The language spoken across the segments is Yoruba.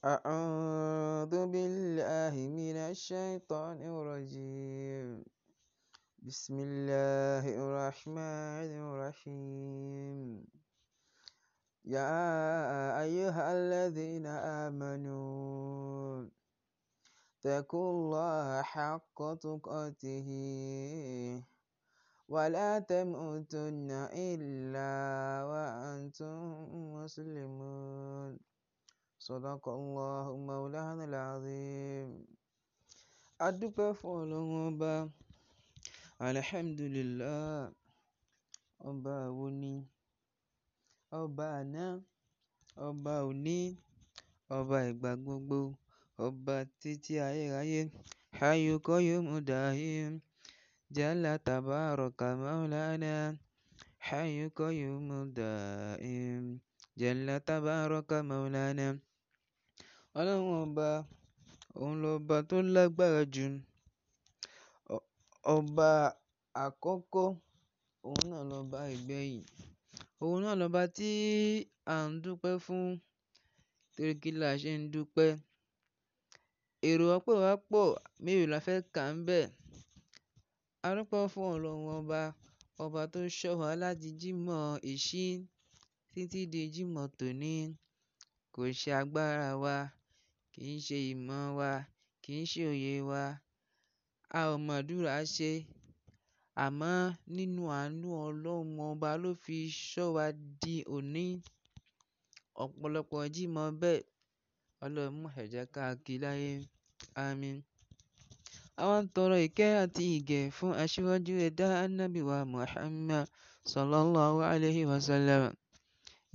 أعوذ بالله من الشيطان الرجيم بسم الله الرحمن الرحيم يا أيها الذين آمنوا اتقوا الله حق تقاته ولا تموتن إلا وأنتم مسلمون صدق الله مولانا العظيم أدب فولوبا الحمد لله أباوني أبانا أباوني أبا إبقبو أبا تيتي أي أي حيوكو يوم دايم جل تبارك مولانا حيوكو يوم دايم جل تبارك مولانا Ọlọ́run ọba, òun lọba tó lágbára jù. Ọba àkọ́kọ́, òun náà lọba ìgbẹ̀yìn. Òun náà lọba tí à ń dúpẹ́ fún torí kí la ṣe ń dúpẹ́. Èrò ọpẹ́ wa pọ̀, mélòó la fẹ́ kà ńbẹ̀? A dúpẹ́ fún Ọlọ́run ọba, ọba tó ṣọ́ wa láti jímọ̀ ìṣí títí di jímọ̀ tòní. Kò ṣe agbára wa, kì í ṣe ìmọ̀ wa, kì í ṣe òye wa. A ò mọ̀dúrà ṣe. Àmọ́ nínú àánú Ọlọ́run ọba ló fi ṣọ́ wa di òní. Ọ̀pọ̀lọpọ̀ jí mọ bẹ́ẹ̀. Ọlọ́run má ṣe jẹ́ ká kí láyé. Àmín. Àwa ń tọrọ ìkẹ́ àti ìgẹ̀ fún aṣíwájú ẹ̀dá Ànábì wa Muhammad Sallallahu Alaihi Wasallam.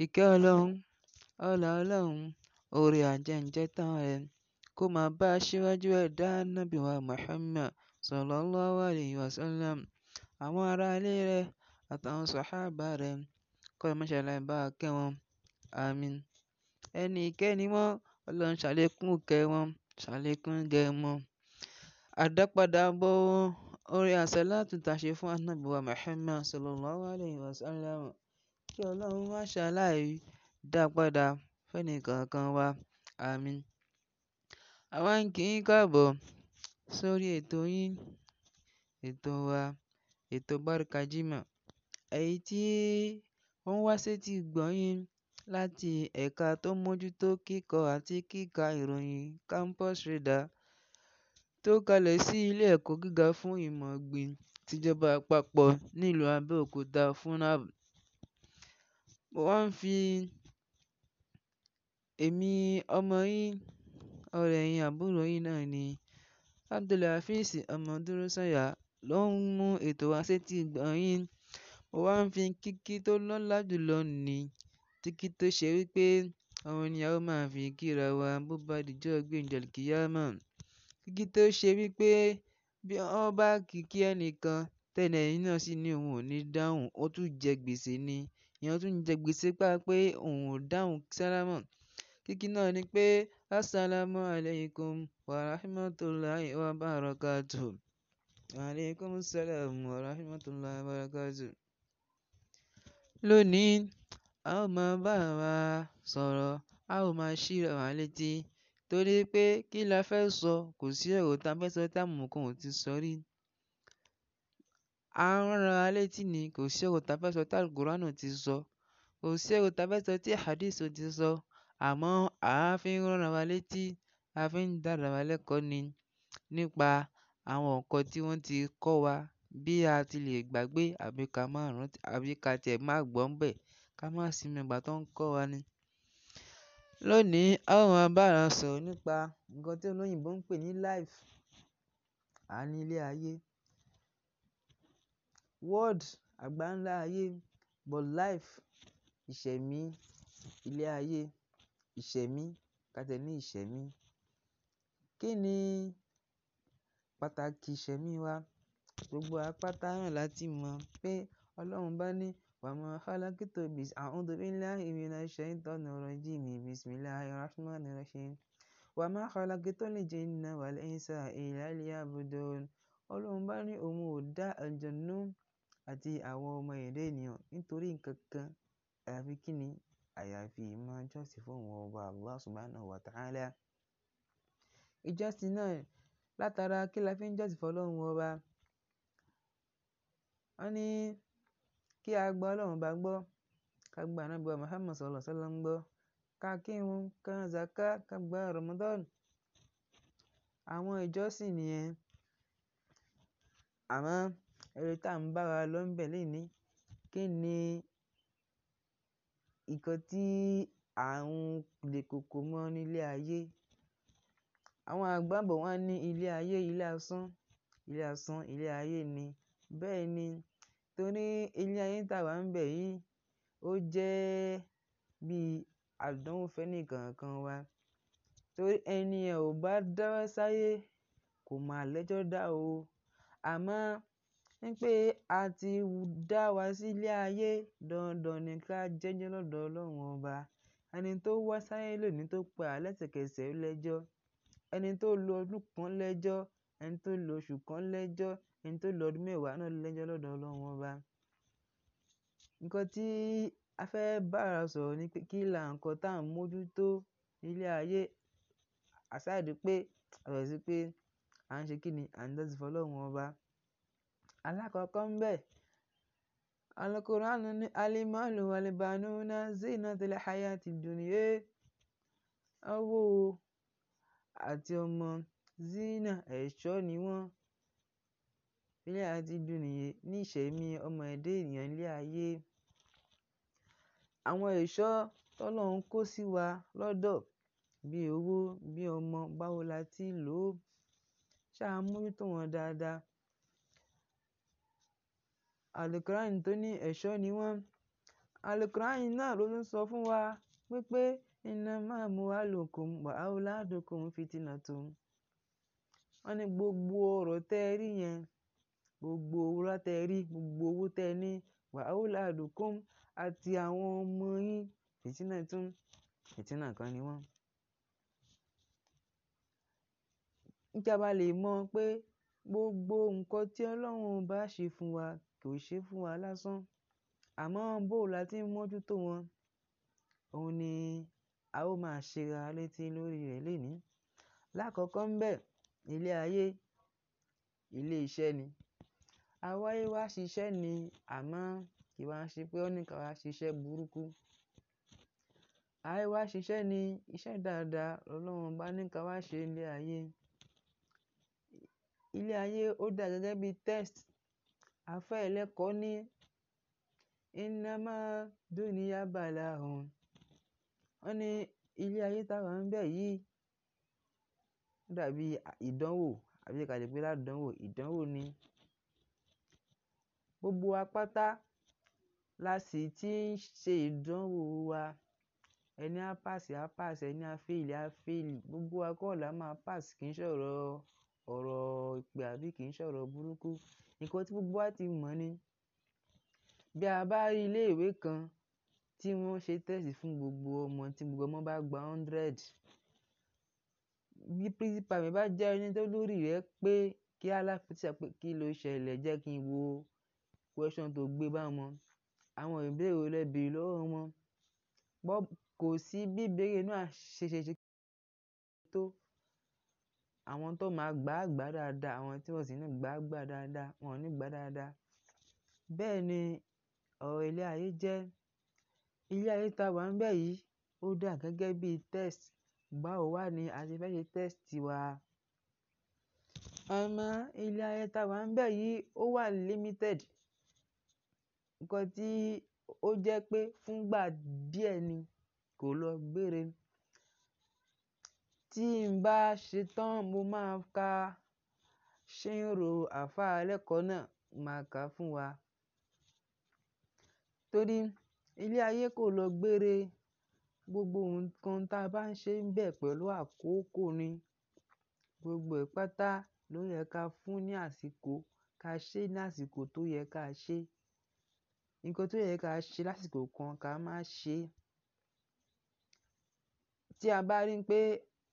Ìkẹ́ Ọlọ́run, ọlá Ọlọ́run. oore àjẹǹjẹ tán rẹ̀ kó máa bá aṣíwájú ẹ̀dá wa Muhammad sallallahu alayhi wa sallam àwọn aráalé rẹ̀ àtàwọn sàhábà rẹ̀ kọ́lọ́run máa ṣàlàyé bá kẹ́ wọn àmín ẹnìkẹ́ni wọn ọlọ́run ṣàlékún ìkẹ́ wọn ṣàlékún ìgẹ̀ wọn àdápadàbọ̀ oore àsàlátù fún wa Muhammad sallallahu alayhi wa kí ọlọ́run dá padà fẹ́nìkọ̀ọ̀kan wa. Àmín. Àwa ń kí káàbọ̀ sórí ètò yín, ètò wa, ètò Barika Jimoh. Èyí tí ó ń wá sétí ìgbọ̀yín láti ẹ̀ka tó mójútó kíkọ àti kíka ìròyìn Campus Radar tó kalẹ̀ sí ilé ẹ̀kọ́ gíga fún ìmọ̀ ọ̀gbìn tìjọba àpapọ̀ nílùú Abẹ́òkúta FUNAB. Wọ́n ń fi Èmi ọmọ yín, ọ̀rẹ́ yín, àbúrò yín náà ni. Abdulhafiz Ọmọdúrósànyà ló ń mú ètò wá sétí ìgbọ́ yín. Mo wá ń fi kíkí tó lọ́lá jùlọ ní, kíkí tó ṣe wípé òun ni a ó máa fi kíra wa bó bá dijọ́ gbéǹde àlkìyámọ̀. Kíkí tó ṣe wípé bí wọ́n bá kí kí ẹnìkan, tẹ́ni ẹni náà sì ní òun ò ní dáhùn, ó tún jẹ gbèsè ni. Ìyẹn tún jẹ gbèsè pá pé òun ò dáhùn sálámọ̀ Kíkí náà ni pé “Assalamu alaykum, warahmatullahi wabarakatuh”. Wa alaikum salam warahmatullahi wabarakatuh. Lónìí, a ó máa bá ara wa sọ̀rọ̀, a ó máa ṣíra wa létí torí pé kí la fẹ́ sọ? Kò sí ọ̀rọ̀ ta fẹ́ sọ táwọn kan ò ti sọ rí. À ń ránra wa ni, kò sí ọ̀rọ̀ ta fẹ́ sọ tí Al-Qur'an ò ti sọ, kò sí ọ̀rọ̀ ta fẹ́ sọ tí Hadith ti sọ àmọ́ à á fi ń ránra wa létí, a fi ń dára wa lẹ́kọ̀ọ́ ni nípa àwọn nǹkan tí wọ́n ti kọ́ wa bí a ti lè gbàgbé àbí ka má rántí àbí ka tiẹ̀ má gbọ́ ńbẹ̀ ká má sínu ìgbà tọ́ ń kọ́ wa ni. Lónìí a ó máa bára wa sọ̀rọ̀ nípa nǹkan tí olóyìnbó ń pè ní life a ní ilé ayé world àgbáńlá ayé but life ìṣẹ̀mí ilé ayé ìṣẹ̀mí, ká tiẹ́ ní ìṣẹ̀mí. Kí ni pàtàkì ìṣẹ̀mí wa? Gbogbo wa pátá náà la ti mọ̀ pé Ọlọ́run bá ní "Wa ma khalaqtu bis a'udhu billahi minash shaitani rajim bismillahi rahmani rahim. Wa ma khalaqtul jinna wal insa illa liya'budun." Ọlọ́run bá ní òun ò dá àlùjọ̀nnú àti àwọn ọmọ ẹ̀dá ènìyàn nítorí nǹkan kan àyàfi kí ni? àyàfi ìmọ̀ ìjọsìn fún òun ọba Allah Subhanahu wa Ta'ala. Ìjọsìn náà látara kí la fi ń jọ́sìn fún Ọlọ́run ọba. Wọ́n ní kí a gba Ọlọ́run ọba gbọ́, ká gba Ànábì wa Muhammad Sallallahu Alaihi Wasallam gbọ́, ká kírun, ká zaka, ká gba Ramadan. Àwọn ìjọsìn nìyẹn. Àmọ́ èyí tá ń bá wa lọ kí ni nǹkan tí à ń le koko mọ́ nílé ayé. Àwọn àgbà bọ̀ wọ́n ní ilé ayé ilé asán, ilé asán ilé ayé ni. Bẹ́ẹ̀ ni, torí ilé ayé tá wà ń bẹ̀ yìí, ó jẹ́ bí àdánwò fẹ́ni kọ̀ọ̀kan wa. Torí ẹni ẹ̀ ò bá dáwọ́ sáyé kò mà lẹ́jọ́ dá o. Àmọ́ wípé a ti dá wa sílé ayé dandan ni ká jẹ́jẹ́ lọ́dọ̀ Ọlọ́run Ọba. Ẹni tó wá sáyé lónìí tó pa á lẹ́sẹ̀kẹsẹ̀ lẹ́jọ́. Ẹni tó lo ọdún kan lẹ́jọ́, ẹni tó lo oṣù kan lẹ́jọ́, ẹni tó lo ọdún mẹ́wàá náà lẹ́jọ́ lọ́dọ̀ Ọlọ́run Ọba. Nǹkan tí a fẹ́ bá ara sọ̀rọ̀ ni pé kí là ǹkan tá ń mójútó nílé ayé. Aside pé, yàtọ̀ sí pé à ń ṣe kí ni? À ń jọ́sìn fún Ọlọ́run Ọba. Alákọ̀ọ́kọ́ ń bẹ̀, Al-Qur'anu ní Al-Malu wal-Banuna Zinatul Hayati Dunya. Owó o àti ọmọ Zina ẹ̀ṣọ́ ni wọ́n. Fil hayati Dunya ní ìṣẹ̀mí ọmọ ẹ̀dá ènìyàn ilé ayé. Àwọn ẹ̀ṣọ́ t'Ọlọ́run kó sí wa lọ́dọ̀ bí owó, bí ọmọ, báwo la ti lò ó. Ṣáá mójútó wọn dáadáa àlùkùránì tó ní ẹ̀ṣọ́ ni wọ́n. Àlùkùránì náà ló tún sọ fún wa wípé "Inna ma amwalukum wa auladukum fitnatun". Wọ́n ní gbogbo ọrọ̀ tẹ rí yẹn, gbogbo irọ́ tẹ rí, gbogbo owó tẹ ní wa auladukum àti àwọn ọmọ yín fitnatun, fìtínà kan ni wọ́n. Kí a bá lè mọ̀ pé gbogbo nǹkan tí Ọlọ́run bá ṣe fún wa kò ṣe fún wa lásán àmọ́ bó la ti ń mójútó wọn òun ni a ó máa ṣera létí lórí rẹ̀ lénìí. Lákọ̀ọ́kọ́ ń bẹ̀ ilé ayé ilé iṣẹ́ ni. A wáyé wá ṣiṣẹ́ ni àmọ́ kì í wá ṣe pé ó ní wá ṣiṣẹ́ burúkú. A wá ṣiṣẹ́ ni iṣẹ́ dáadáa Ọlọ́run bá ní ká wá ṣe ilé ayé. Ilé ayé ó dà gẹ́gẹ́ bí test àáfàá ẹlẹ́kọ ní innama dúníyà balaun wọ́n ní ilé ayé táwa ń bẹ̀ yìí ó dàbí ìdánwò àbí ká lè ìdánwò ni gbogbo wa pátá la sì ti ń ṣe ìdánwò wa ẹni á pàsì á pàsì ẹni á fèèlì á fèèlì gbogbo wa kọ́ la máa pàsì kì í ṣọ̀rọ̀ ọ̀rọ̀ ìpè àbí kì í ṣọ̀rọ̀ burúkú Nǹkan tí gbogbo wa ti mọ̀ ni. Bí a bá rí ilé ìwé kan tí wọ́n ṣe test fún gbogbo ọmọ tí gbogbo ọmọ bá gba hundred, bí principal mi bá jẹ́ ẹni tó lórí rẹ̀ pé kí á lá teacher pé kí ló ṣẹlẹ̀ jẹ́ kí n wo question tó gbé bá wọn, àwọn ìbéèrè wo bèrè lọ́wọ́ wọn. Kò sí bí ìbéèrè náà ṣe ṣe tó àwọn tó máa gbà gbà dáadáa, àwọn tí wọ́n sì ní gbà gbà dáadáa, wọn ò ní gbà dáadáa. Bẹ́ẹ̀ ni ọ̀rọ̀ ilé ayé jẹ́. Ilé ayé ta wà níbẹ̀ yìí ó dà gẹ́gẹ́ bí test. Báwo wà ní a ṣe fẹ́ ṣe test wa? Àmọ́ ilé ayé ta wà níbẹ̀ yìí ó wà limited. Ǹkan tí ó jẹ́ pé fúngbà díẹ̀ ni kò lọ gbére tí n bá ṣetán mo máa ka ṣínrò àfáà ẹlẹ́kọ̀ọ́ náà máa kà fún wa. Torí ilé ayé kò lọ gbére, gbogbo nǹkan tí a bá ń ṣe ń bẹ̀ pẹ̀lú àkókò ni. Gbogbo ẹ̀ ló yẹ ká fún ní àsìkò, ká ṣe ní àsìkò tó yẹ ká ṣe. Ǹkan tó yẹ ká ṣe lásìkò kan ká má ṣe. Tí a bá rí pé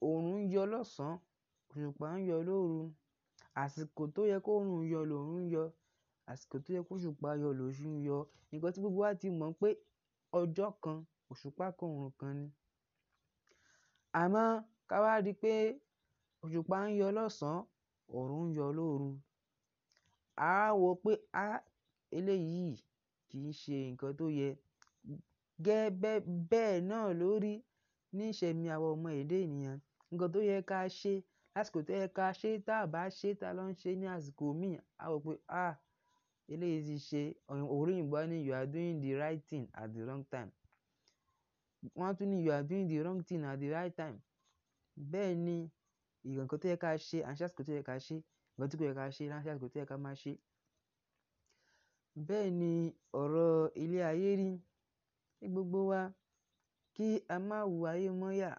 òòrùn ń yọ lọ́sàn-án, òṣùpá ń yọ lóru. Àsìkò tó yẹ kó òòrùn yọ lòòrùn ń yọ, àsìkò tó yẹ kó òṣùpá yọ lòṣù ń yọ. Ǹkan tí gbogbo wa ti mọ̀ pé ọjọ́ kan, òṣùpá kan, òòrùn kan ni. Àmọ́ ká wá rí pé òṣùpá ń yọ lọ́sàn-án, òòrùn ń yọ lóru. A á wò pé, "Á, eléyìí kì í ṣe nǹkan tó yẹ." Gẹ́gẹ́ bẹ́ẹ̀ náà ló rí ní ìṣẹ̀mí àwọn ọmọ ẹ̀dá ènìyàn nǹkan tó yẹ ká ṣe lásìkò tó yẹ ká ṣe tá a bá ṣe tá ló ń ṣe ní àsìkò míì, a wò pé ah eléyìí ti ṣe òyìnbó á you are doing the right thing at the wrong time. Wọ́n á tún ní you are doing the wrong thing at the right time. Bẹ́ẹ̀ ni nǹkan tó yẹ ká ṣe à ń ṣe àsìkò tó yẹ ká ṣe, nǹkan tí kò yẹ ká ṣe là àsìkò tó yẹ ká má ṣe. Bẹ́ẹ̀ ni ọ̀rọ̀ ilé ayé rí. Kí gbogbo wa kí a má wu ayé mọ́yà.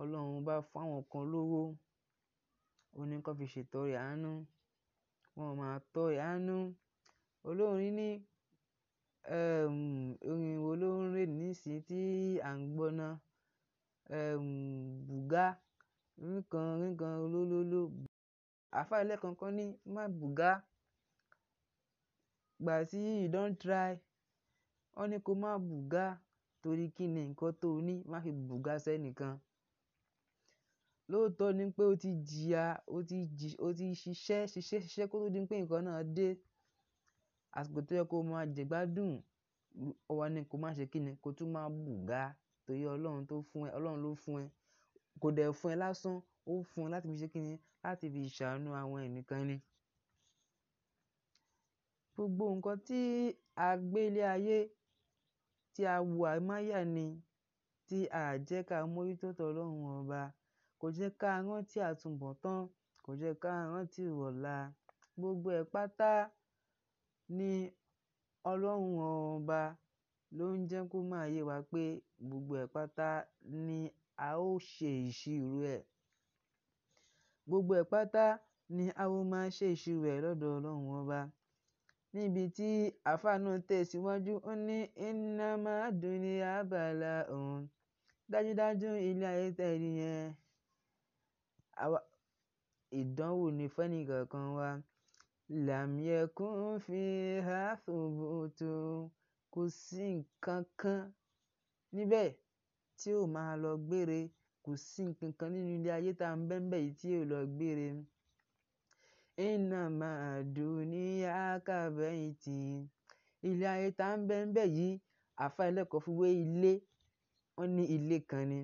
Ọlọ́run bá fún àwọn kan lówó, ó ní kí wọ́n fi ṣètọrẹ àánú, wọ́n máa tọrẹ àánú. Olórin ní, ẹm, orin wo ló ń rè nísìnyí tí à ń gbọ́ ná? Bùgá, nǹkan, nǹkan olólóló. Àfá ẹlẹ́ẹ̀kan kan ní, "Má Bùgá, ìgbà tí you don try, wọ́n ní ko má Bùgá torí kí ni nǹkan tó ní, má fi Bùgá sẹ́ni Lóòótọ́ ni pé ó ti jìyà, ó ti jì, ó ti ṣiṣẹ́, ṣiṣẹ́, ṣiṣẹ́ kó tó di pé nǹkan náà dé. Àsìkò tó yẹ kó máa jẹ gbádùn, ọ̀wọ̀ ni kó má ṣe kíni, kó tún máa bùgá torí Ọlọ́run tó fún ẹ, Ọlọ́run ló fún ẹ. Kò dẹ̀ fún ẹ lásán, ó fún ẹ láti fi ṣe kíni, láti fi ṣàánú àwọn ẹ̀mí kan ni. Gbogbo nǹkan tí a gbé lé ayé, tí a wù àmáyà ni, tí a jẹ́ ká mójútó tọ ọba. Kò jẹ́ ká rántí àtúnbọ̀tán, kò jẹ́ ká rántí ọ̀la. Gbogbo ẹ̀ pátá ni Ọlọ́run Ọba ló ń jẹ́ kó máa yé wa pé gbogbo ẹ̀ pátá ni a ó ṣe ìṣirò ẹ̀. Gbogbo ẹ̀ pátá ni a ó máa ṣe ìṣirò ẹ̀ lọ́dọ̀ Ọlọ́run Ọba. Níbi tí àáfà náà tẹ̀síwájú, ó ní "Inna ma'ad dunya bala'un". Dájúdájú ilé ayé tẹ́ rí yẹn ìdánwò ni fún ẹni kọ̀ọ̀kan wa. Lam yakun fiha thubutun. Kò sí nǹkan kan níbẹ̀ tí ó máa lọ gbére. Kò sí nǹkan kan nínú ilé ayé tá ń bẹ́mbẹ̀ yìí tí yóò lọ gbére. Innama dunya kabaitin. Ilé ayé tá ń bẹ́mbẹ̀ yìí, àfá ẹlẹ́kọ̀ fi wé ilé. Wọ́n ní ilé kan ni.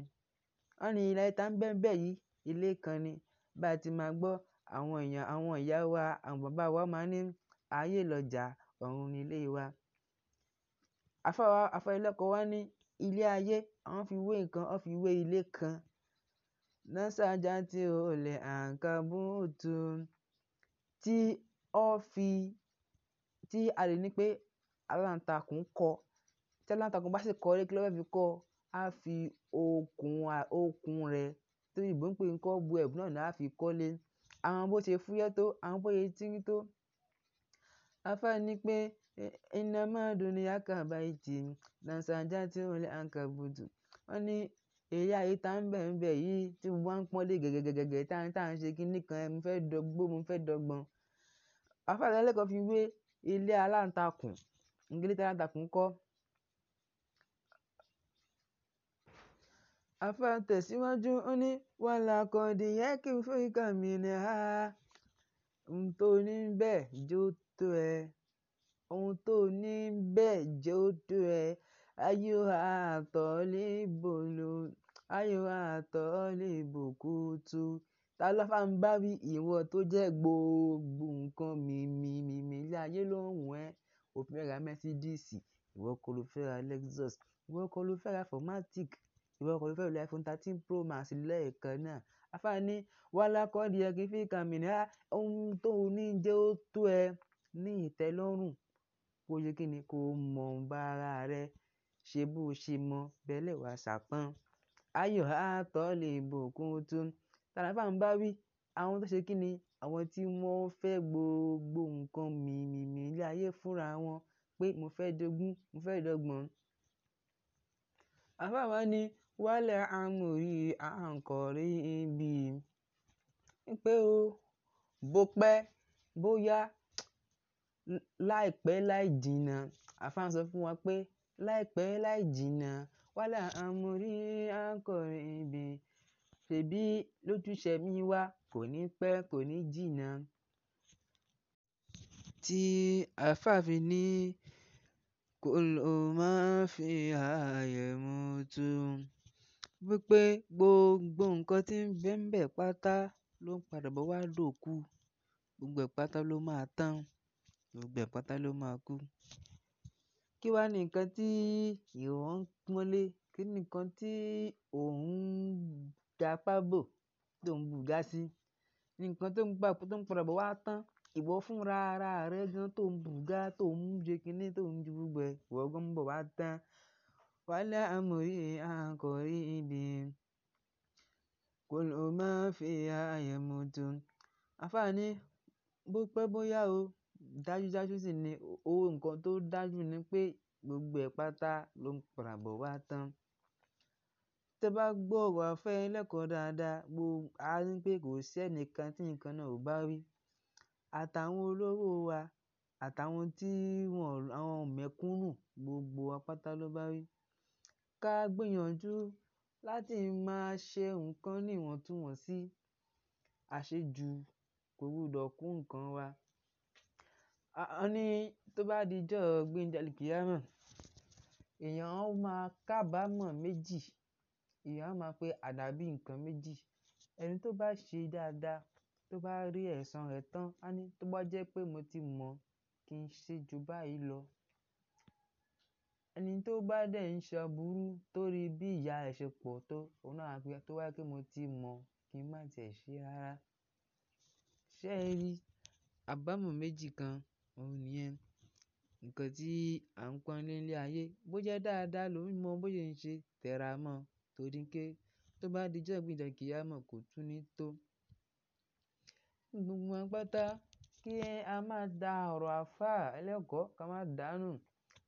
Wọ́n ní ilé ayé tá ń bẹ́mbẹ̀ yìí, ilé kan ni. Bá ti máa gbọ́ àwọn èèyàn, àwọn ìyá wa, àwọn bàbá wa máa ní ayé lọjà, ọ̀run ni ilé wa. Àfá wa, ní ilé ayé, wọ́n fi wé nǹkan, wọ́n fi wé ilé kan. Náṣájà tí olè àǹkabútù tí ó fi, tí a lè ní pé aláǹtakùn kọ́. Tí aláǹtakùn bá sì kọ́ ilé, kí ló fẹ́ fi kọ́? A fi okùn rẹ̀ torí Ìgbò ń pè nǹkan bu ẹ̀bùn náà ni a fi kọ́lé. Àwọn bó ṣe fúyẹ́ tó, àwọn bó ṣe tíírín tó. Afá ní pé innama duniya kabaiti lansajati ul ankabutu. Wọ́n ní eré ayé tá ń bẹ̀ ń bẹ̀ yìí tí gbogbo wa ń pọ́nlé gẹ̀gẹ̀gẹ̀gẹ̀ tá ń tá ń ṣe kíní kan, mo fẹ́ dọgbó, mo fẹ́ dọgbọ́n. Afá ìdánilẹ́kọ̀ọ́ fi wé ilé aláǹtakùn. Ilé tí kọ́ àáfàá tẹ̀síwájú ó ní wàlàkọ̀dì yẹ kí n fún ìkà mi ní ha ohun tó ní bẹ́ẹ̀ jó tó ẹ ohun tó ní bẹ́ẹ̀ jó tó ẹ ayé àtọ̀ lè bò lò ayé àtọ̀ lè bò kú tu ta ló fà ń bá wí ìwọ tó jẹ́ gbogbo nǹkan mímímímí ilé ayé ló ń wọ́n ẹ́ o ra mẹ́sídíìsì ìwọ kọ́ ló lexus ìwọ kọ́ ló formatic ìwọ kọ́ ló fẹ́ lo iPhone 13 Pro Max lẹ́ẹ̀kan náà. Àfáà ní, wá lákọ̀dí kí fi kan mi ní, ohun tó ní jẹ ó tó ẹ ní ìtẹ́lọ́rùn. Kó ṣe kí ni kó mọ ń bá ara rẹ ṣe bó ṣe mọ bẹ́lẹ̀ wá ṣàpọ́n. Ayọ̀ á tọ́ lè bùkún tún. Tá làfá bá wí, àwọn tó ṣe kí ni àwọn tí wọ́n fẹ́ gbogbo nǹkan mìmìmì ilé ayé fúnra wọn pé mo fẹ́ dogun, mo fẹ́ dọ́gbọ́n. Àfáà wá wálẹ̀ àmúrí àǹkọ̀rí ibi. Pé ó, bó pẹ́, bó yá, láìpẹ́ láì jìnnà. Àfá ń sọ fún wa pé láìpẹ́ láì jìnnà, wálẹ̀ àmúrí àǹkọ̀rí ibi. Ṣèbí lójúṣẹ mí wá, kò ní pẹ́, kò ní jìnnà. Tí àfá fi ní kó ló máa fi ààyè mú tú wípé gbogbo nǹkan tí ń bẹ ńbẹ̀ pátá ló ń padà bọ̀ wá dòkú gbogbo ẹ̀ pátá ló máa tán gbogbo ẹ̀ pátá ló máa kú. Kí wá ni nǹkan tí ìwọ ń pọ́nlé? Kí ni nǹkan tí ò ń dapá bò tó ń bùgá sí? Nǹkan tó ń gbà tó ń padà bọ̀ wá tán, ìwọ fúnra ara rẹ gan tó ń bùgá, tó ń ṣe kiní, tó ń ju gbogbo ẹ̀, ìwọ gan ń bọ̀ wá tán. ولا أمري عن قريب كل ما فيها يموت àfáàní bó pẹ́ bó yá o dájúdájú sì ni owó nǹkan tó dájú ni pé gbogbo ẹ̀ pátá ló ń padà bọ̀ wá tán tẹ́ bá gbọ́ ọ̀rọ̀ afẹ́ yín lẹ́kọ̀ọ́ dáadáa gbo á rí pé kò sí ẹnìkan tí nǹkan náà ò bá rí àtàwọn olówó wa àtàwọn tí wọn àwọn mẹ̀kúnnù gbogbo wa ló bá rí ká gbìyànjú láti máa ṣe nǹkan níwọ̀ntúnwọ̀nsì. Àṣejù kò gbọdọ̀ kún nǹkan wa. Ó ní tó bá di ọjọ́ gbéńdé àlìkìyámọ̀, èèyàn ó máa kábàámọ̀ méjì, èèyàn a máa pe àdàbí nǹkan méjì. Ẹni tó bá ṣe dáadáa, tó bá rí ẹ̀san rẹ̀ tán, á ní tó bá jẹ́ pé mo ti mọ̀ kí n ṣe ju báyìí lọ. Ẹni tó bá dẹ̀ ń ṣàbúrú torí bí ìyà ẹ ṣe pọ̀ tó, òun náà á pe tó bá jẹ́ pe mo ti mọ̀ kí n má ti ẹ̀ ṣe rárá. Ṣé ẹ rí? Àbámọ̀ méjì kan, òun nìyẹn. Ǹkan tí à ń pọ́nlé ní ayé, bó jẹ́ dáadáa ló ń mọ bó ṣe ń ṣe, tẹra mọ́ torí pé tó bá di ọjọ́ igbinde kíyámọ̀ kò tún ní tó. Gbogbo wa pátá kí a máa da ọ̀rọ̀ àfáà ẹlẹ́kọ̀ọ́ ká máa dànù.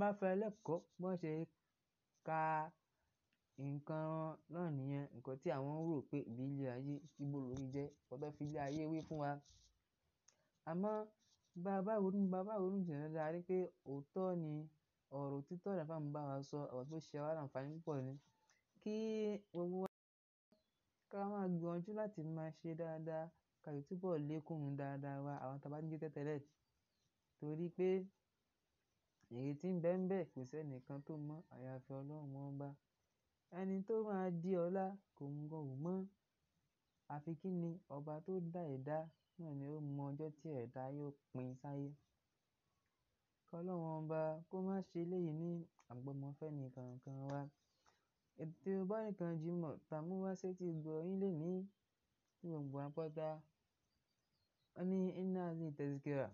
bá fẹ́ lẹ́kọ̀ọ́ bí ṣe ka nǹkan náà nìyẹn, nǹkan tí àwọn ń rò pé ìbí ilé ayé, ibo lòun jẹ́, nǹkan tó fi ilé ayé wé fún wa. Àmọ́ bá bá ronú, bá bá ronú jinlẹ̀ dáadáa rí pé òótọ́ ni ọ̀rọ̀ òtítọ́ ni àlùfáà ń bá wa sọ, ọ̀rọ̀ tó ṣe wá láǹfààní púpọ̀ ni. Kí gbogbo wa ká máa gbìyànjú láti máa ṣe dáadáa, ká sì túbọ̀ lékún dáadáa wa àwọn tí a bá ń gbé tẹ́tẹ́lẹ̀ torí pé. Èyí tí ń bẹ ń bẹ̀ kò sẹ́nìkan tó mọ̀ àyàfi Ọlọ́run Ọba. Ẹni tó máa di ọlá kò mọ̀. Àfi kí ni ọba tó dá ẹ̀dá náà ni ó mọ ọjọ́ tí ẹ̀dá yóò pín sáyé. Kọ́lọ́run Ọba kó má ṣe eléyìí ní àgbọ́mọ kankan wa. Ètò Yorùbá Nìkan Jí Mọ̀ tà mú wá sétí gbọ́ yín lénìí ní gbogbo wa pátá. ní inna lillahi tazkira.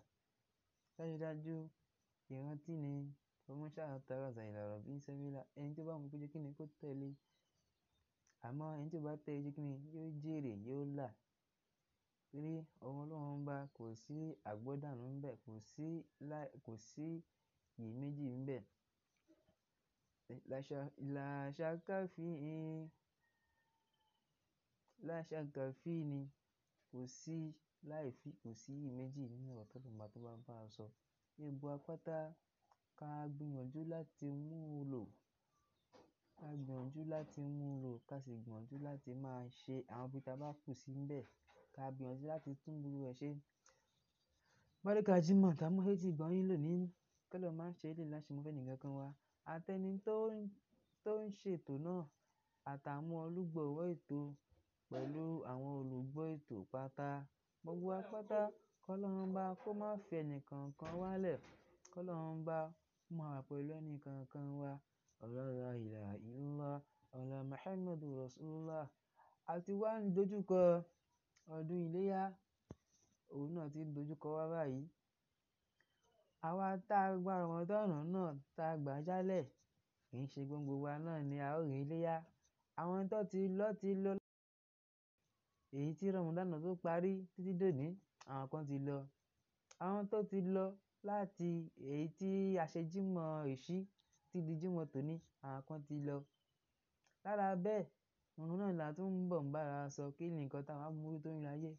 Dájúdájú. Ìrántí ni “promotion after all ila rabi sabila”. Ẹni tí ó bá mu kó jẹ́ kíni kó tẹ̀lé. Àmọ́ ẹni tí ó bá tẹ̀lé jẹ́ kíni yóò jèrè, yóò là. Rí ọmọ Ọlọ́run bá kò sí àgbọ́dànù ń bẹ, kò sí láì, kò sí iyèméjì ń bẹ. Làṣà káfí i, ni kò sí láì fi, kò sí iyèméjì nínú ọ̀rọ̀ tí Ọlọ́run bá tó bá bá a sọ. Gbogbo wa pátá ká gbìyànjú láti mú un lò, ká gbìyànjú láti mú un lò, ká sì gbìyànjú láti máa ṣe àwọn ibi tí a bá kù sí níbẹ̀. Ká gbìyànjú láti tún gbogbo rẹ̀ ṣe. Bárika Jimoh tá mú sétí ìgbọ́ yín lónìí. K'Ọlọ́run má ṣe eléyìí láṣemọ fẹ́ni kankan wa. Àtẹni tó ń, tó ń ṣe náà àtàwọn olùgbọ̀wọ́ ètò pẹ̀lú àwọn olùgbọ́ ètò pátá. Gbogbo wa pátá. Kọ́lọ́run bá kó má fi ẹnì kankan wálẹ̀. Kọ́lọ́run bá kó máa wà pẹ̀lú ẹnì kankan wa. Ọ̀la la ilaha illallah, ọ̀la Muhammadu Rasulullah. A ti wá ń dojúkọ ọdún iléyá, òun náà ti ń dojúkọ wá báyìí. Àwa tá gba Ramadan náà tá gbà jálẹ̀, kì í ṣe gbogbo wa náà ni a ó rí iléyá. Àwọn tó ti lọ ti lọ. Èyí tí Ramadan tó parí títí dòní àwọn kan ti lọ. Àwọn tó ti lọ láti èyí tí a ṣe jímọ̀ ìṣí tí di jímọ̀ tòní, àwọn kan ti lọ. Lára bẹ́ẹ̀, òun náà là tún ń bọ̀ ń bá ara wa sọ kí ni nǹkan tí àwa ń mú tó nínú ayé.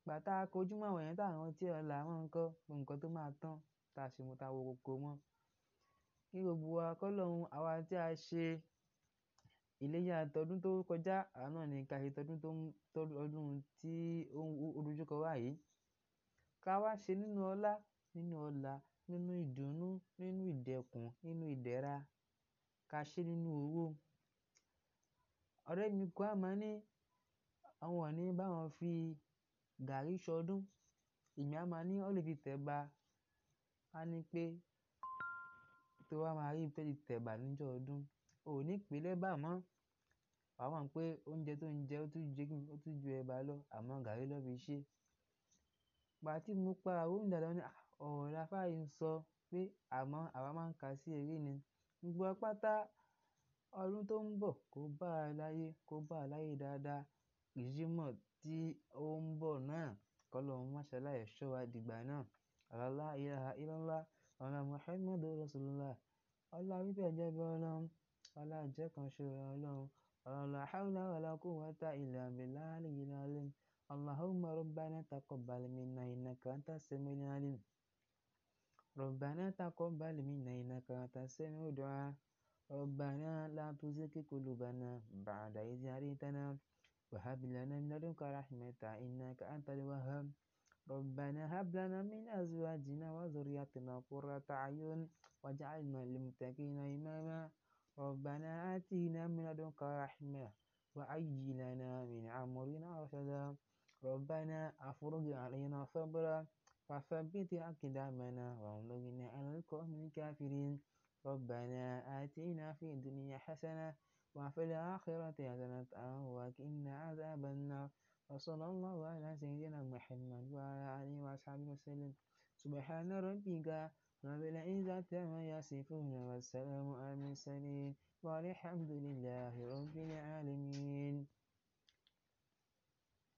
Ìgbà tá a kojú mọ́ àwọn èèyàn tá a rántí ọ̀la wọn ńkọ́, nǹkan tó máa tán, tá a sì mú ta wo kòkò mọ́. Kí gbogbo wa kọ́ lọ́hun, àwa tí a ṣe Iléyá tọdún tó kọjá, àwa ni ka ṣe tọdún tó ń, ọdún tí ó dojú kọ wá yìí. Ka wá ṣe nínú ọlá, nínú ọlá, nínú ìdùnnú, nínú ìdẹ̀kùn, nínú ìdẹ̀ra. Ka ṣe nínú owó. Ọ̀rẹ́ mi kan a máa ní àwọn ò ní fi gàárì ṣọdún. Èmi a ní ó lè fi ní pé tó bá máa rí pé ó ọdún, o ò ní mọ́ wàá mọ̀ pé oúnjẹ tó ń jẹ ó tún ju kíni, ó tún ju ẹ̀bà lọ àmọ́ gàárì lọ́ fi ṣe. Ìgbà tí mo padà ronú dáadáa, mo ní, "à, ọ̀rọ̀ làáfà yìí ń sọ pé àmọ́ àwa máa ń kà sí eré ni." Gbogbo wa pátá ọdún tó ń bọ̀ kó bá wa láyé, kó bá wa láyé dáadáa. Kìsímọ̀ tí ó ń bọ̀ náà kọ́ má ṣe ṣọ́ wa dìgbà náà. Lá ilaha illallah, ọ̀la Muhammadur Rasulullah. Ọlá wípé ẹ̀jẹ̀ bẹ́ Ọlọ́run, ọlá jẹ́ kan ṣoṣo Ọlọ́run. La hawla wa la quwwata illa billah aliyyil alim. Allahumma rabbana taqabbal minna innaka antas samiul alim. Rabbana taqabbal minna innaka antas samiul du'a. Rabbana la tuzigh qulubana ba'da idh hadaytana wa hab lana min ladunka rahmatan innaka antal wahhab. Rabbana hab lana min azwajina wa dhurriyyatina qurrata a'yun waj'alna lil muttaqina imama. ربنا آتنا من لدنك رحمة وهيئ لنا من أمرنا رشدا ربنا أفرج علينا صبرا وثبت أقدامنا وانصرنا على القوم الكافرين ربنا آتنا في الدنيا حسنة وفي الآخرة حسنة وقنا عذاب النار وصلى الله على سيدنا محمد وعلى آله وأصحابه وسلم سبحان ربك وبالعزة العزة ما يصفون والسلام على المرسلين والحمد لله رب العالمين